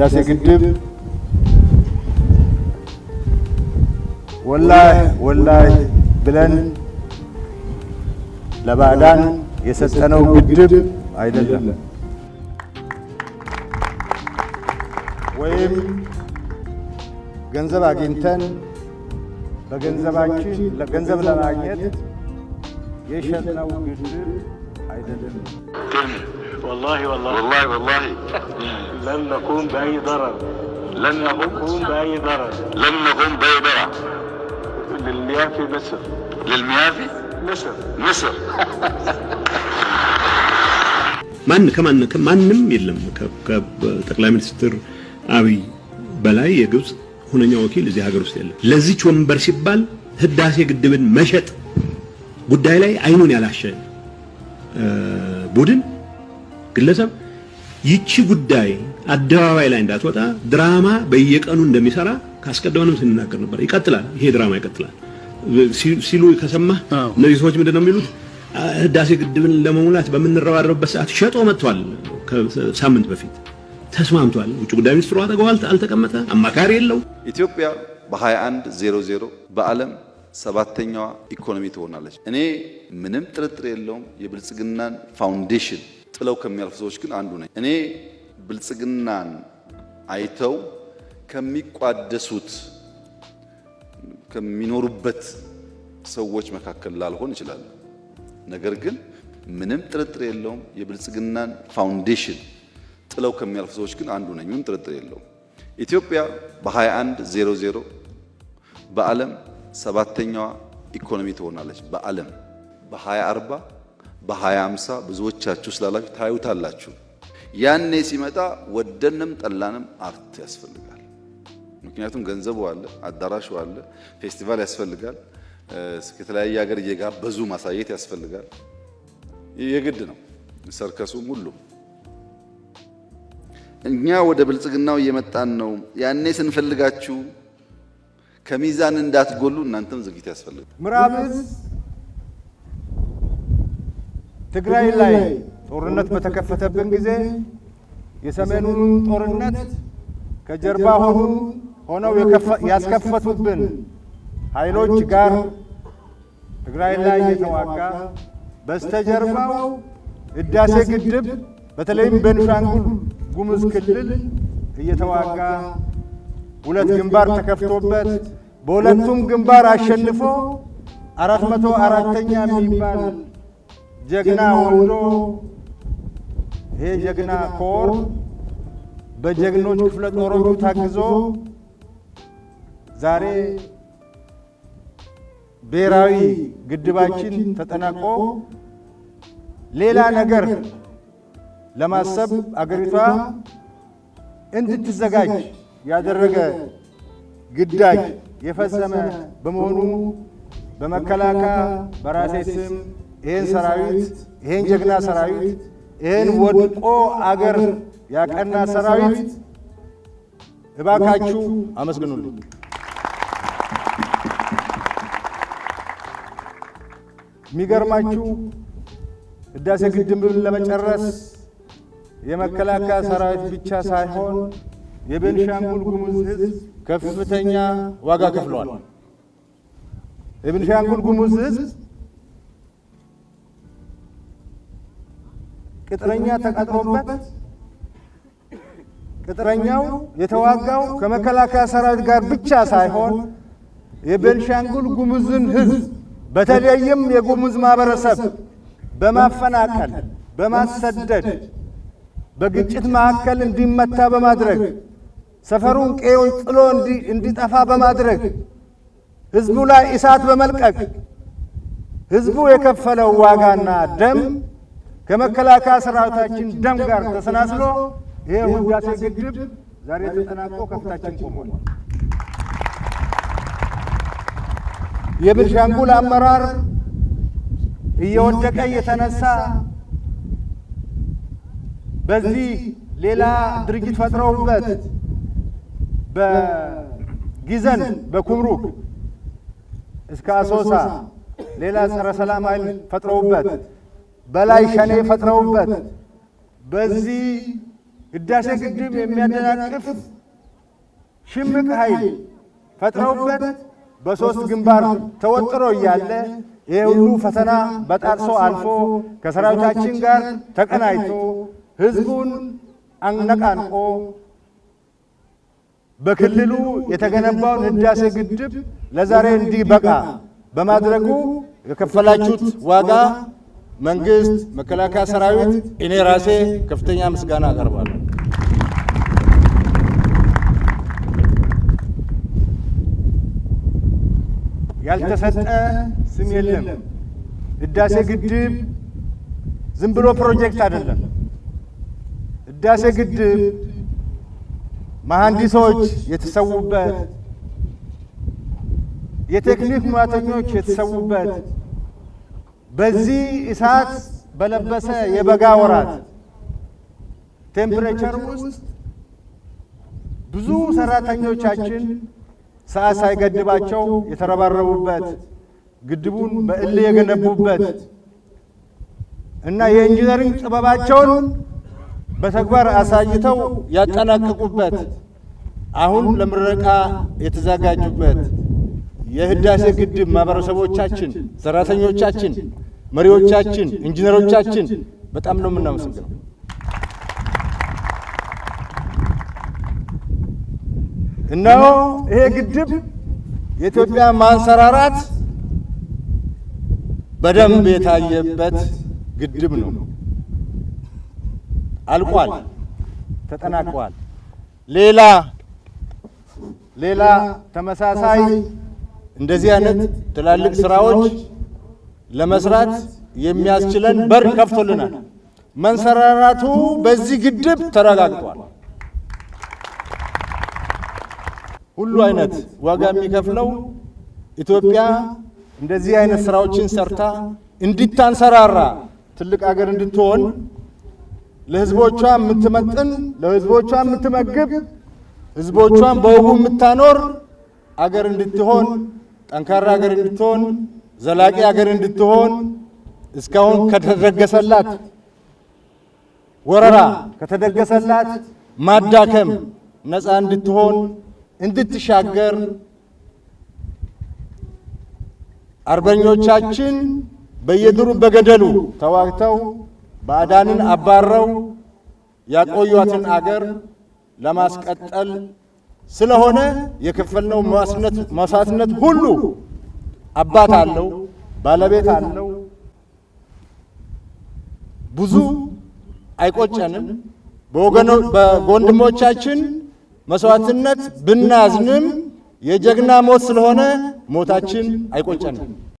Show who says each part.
Speaker 1: ህዳሴ ግድብ ወላሂ ወላሂ ብለን ለባዕዳን የሰጠነው ግድብ አይደለም ወይም ገንዘብ አግኝተን በገንዘባችን ገንዘብ ለማግኘት የሸጥነው ግድብ አይደለም።
Speaker 2: والله والله والله والله
Speaker 3: لن نقوم باي ضرر
Speaker 4: لن نقوم باي ضرر
Speaker 5: لن نقوم باي ضرر
Speaker 6: في مصر
Speaker 7: في مصر مصر
Speaker 8: ማን ከማን ማንም የለም ከጠቅላይ ሚኒስትር አብይ በላይ የግብፅ ሁነኛ ወኪል እዚህ ሀገር ውስጥ የለም። ለዚች ወንበር ሲባል ህዳሴ ግድብን መሸጥ ጉዳይ ላይ አይኑን ያላሸ ቡድን ግለሰብ ይቺ ጉዳይ አደባባይ ላይ እንዳትወጣ ድራማ በየቀኑ እንደሚሰራ ካስቀደመንም ስንናገር ነበር። ይቀጥላል፣ ይሄ ድራማ ይቀጥላል ሲሉ ከሰማህ እነዚህ ሰዎች ምንድን ነው የሚሉት? ህዳሴ ግድብን ለመሙላት በምንረባረብበት ሰዓት ሸጦ መጥቷል። ከሳምንት በፊት ተስማምቷል። ውጭ ጉዳይ ሚኒስትሩ አጠገቡ አልተቀመጠ፣ አማካሪ የለው።
Speaker 9: ኢትዮጵያ በ2100 በዓለም ሰባተኛዋ ኢኮኖሚ ትሆናለች። እኔ ምንም ጥርጥር የለውም የብልጽግናን ፋውንዴሽን ጥለው ከሚያልፉ ሰዎች ግን አንዱ ነኝ። እኔ ብልጽግናን አይተው ከሚቋደሱት ከሚኖሩበት ሰዎች መካከል ላልሆን እችላለሁ። ነገር ግን ምንም ጥርጥር የለውም የብልጽግናን ፋውንዴሽን ጥለው ከሚያልፉ ሰዎች ግን አንዱ ነኝ። ምንም ጥርጥር የለውም። ኢትዮጵያ በ2100 በዓለም ሰባተኛዋ ኢኮኖሚ ትሆናለች። በዓለም በ2040 በ2050 ብዙዎቻችሁ ስላላችሁ ታዩታላችሁ። ያኔ ሲመጣ ወደንም ጠላንም አርት ያስፈልጋል። ምክንያቱም ገንዘቡ አለ፣ አዳራሹ አለ፣ ፌስቲቫል ያስፈልጋል፣ ከተለያየ ሀገር እየጋበዙ ማሳየት ያስፈልጋል። የግድ ነው። ሰርከሱም ሁሉም እኛ ወደ ብልጽግናው እየመጣን ነው። ያኔ ስንፈልጋችሁ ከሚዛን እንዳትጎሉ እናንተም ዝግጅት ያስፈልጋል።
Speaker 1: ትግራይ ላይ ጦርነት በተከፈተብን ጊዜ የሰሜኑን ጦርነት ከጀርባ ሆኑ ሆነው ያስከፈቱብን ኃይሎች ጋር ትግራይ ላይ የተዋጋ በስተጀርባው ህዳሴ ግድብ በተለይም በቤንሻንጉል ጉሙዝ ክልል እየተዋጋ ሁለት ግንባር ተከፍቶበት በሁለቱም ግንባር አሸንፎ አራት መቶ አራተኛ የሚባል ጀግና ወንዶ ይሄ ጀግና ኮር በጀግኖች ክፍለ ጦሮቹ ታግዞ ዛሬ ብሔራዊ ግድባችን ተጠናቆ ሌላ ነገር ለማሰብ አገሪቷ እንድትዘጋጅ ያደረገ ግዳጅ የፈጸመ በመሆኑ በመከላከያ በራሴ ስም ይህን ሰራዊት ይህን ጀግና ሰራዊት ይህን ወድቆ አገር ያቀና ሰራዊት እባካችሁ አመስግኑልኝ። የሚገርማችሁ ህዳሴ ግድብን ለመጨረስ የመከላከያ ሰራዊት ብቻ ሳይሆን የቤንሻንጉል ጉሙዝ ህዝብ ከፍተኛ ዋጋ ከፍሏል። የቤንሻንጉል ጉሙዝ ህዝብ ቅጥረኛ ተቀጥሮበት ቅጥረኛው የተዋጋው ከመከላከያ ሰራዊት ጋር ብቻ ሳይሆን የቤንሻንጉል ጉሙዝን ሕዝብ በተለይም የጉሙዝ ማህበረሰብ በማፈናቀል በማሰደድ በግጭት መካከል እንዲመታ በማድረግ ሰፈሩን ቀዬውን ጥሎ እንዲጠፋ በማድረግ ህዝቡ ላይ እሳት በመልቀቅ ህዝቡ የከፈለው ዋጋና ደም ከመከላከያ ሰራዊታችን ደም ጋር ተሰናስሎ ይህ ህዳሴ ግድብ ዛሬ ተጠናቆ ከፍታችን ቆሟል። የቤንሻንጉል አመራር እየወደቀ እየተነሳ በዚህ ሌላ ድርጅት ፈጥረውበት በጊዘን በኩምሩክ እስከ አሶሳ ሌላ ጸረ ሰላም ኃይል ፈጥረውበት በላይ ሸኔ ፈጥረውበት በዚህ ህዳሴ ግድብ የሚያደናቅፍ ሽምቅ ኃይል ፈጥረውበት በሦስት ግንባር ተወጥሮ እያለ ይህ ሁሉ ፈተና በጣርሶ አልፎ ከሰራዊታችን ጋር ተቀናጅቶ ህዝቡን አነቃንቆ በክልሉ የተገነባውን ህዳሴ ግድብ ለዛሬ እንዲበቃ በማድረጉ የከፈላችሁት ዋጋ መንግስት፣ መከላከያ ሰራዊት፣ እኔ ራሴ ከፍተኛ ምስጋና አቀርባለሁ። ያልተሰጠ ስም የለም። ህዳሴ ግድብ ዝም ብሎ ፕሮጀክት አይደለም። ህዳሴ ግድብ መሐንዲሶች የተሰዉበት፣ የቴክኒክ ሙያተኞች የተሰዉበት በዚህ እሳት በለበሰ የበጋ ወራት ቴምፕሬቸር ውስጥ ብዙ ሰራተኞቻችን ሰዓት ሳይገድባቸው የተረባረቡበት ግድቡን በእል የገነቡበት እና የኢንጂነሪንግ ጥበባቸውን በተግባር አሳይተው ያጠናቀቁበት አሁን ለምረቃ የተዘጋጁበት የህዳሴ ግድብ ማህበረሰቦቻችን፣ ሰራተኞቻችን፣ መሪዎቻችን፣ ኢንጂነሮቻችን በጣም ነው የምናመሰግነው። እነሆ ይሄ ግድብ የኢትዮጵያ ማንሰራራት በደንብ የታየበት ግድብ ነው። አልቋል፣ ተጠናቋል። ሌላ ሌላ ተመሳሳይ እንደዚህ አይነት ትላልቅ ስራዎች ለመስራት የሚያስችለን በር ከፍቶልናል። መንሰራራቱ በዚህ ግድብ ተረጋግጧል። ሁሉ አይነት ዋጋ የሚከፍለው ኢትዮጵያ እንደዚህ አይነት ስራዎችን ሰርታ እንድታንሰራራ ትልቅ አገር እንድትሆን ለህዝቦቿ የምትመጥን ለህዝቦቿ የምትመግብ ህዝቦቿን በውቡ የምታኖር አገር እንድትሆን ጠንካራ ሀገር እንድትሆን ዘላቂ ሀገር እንድትሆን እስካሁን ከተደገሰላት ወረራ ከተደገሰላት ማዳከም ነፃ እንድትሆን እንድትሻገር አርበኞቻችን በየድሩ በገደሉ ተዋግተው ባዕዳንን አባረው ያቆዩትን አገር ለማስቀጠል ስለሆነ የከፈልነው መስዋዕትነት ሁሉ አባት አለው፣ ባለቤት አለው። ብዙ አይቆጨንም። በወንድሞቻችን መስዋዕትነት ብናዝንም የጀግና ሞት ስለሆነ ሞታችን አይቆጨንም።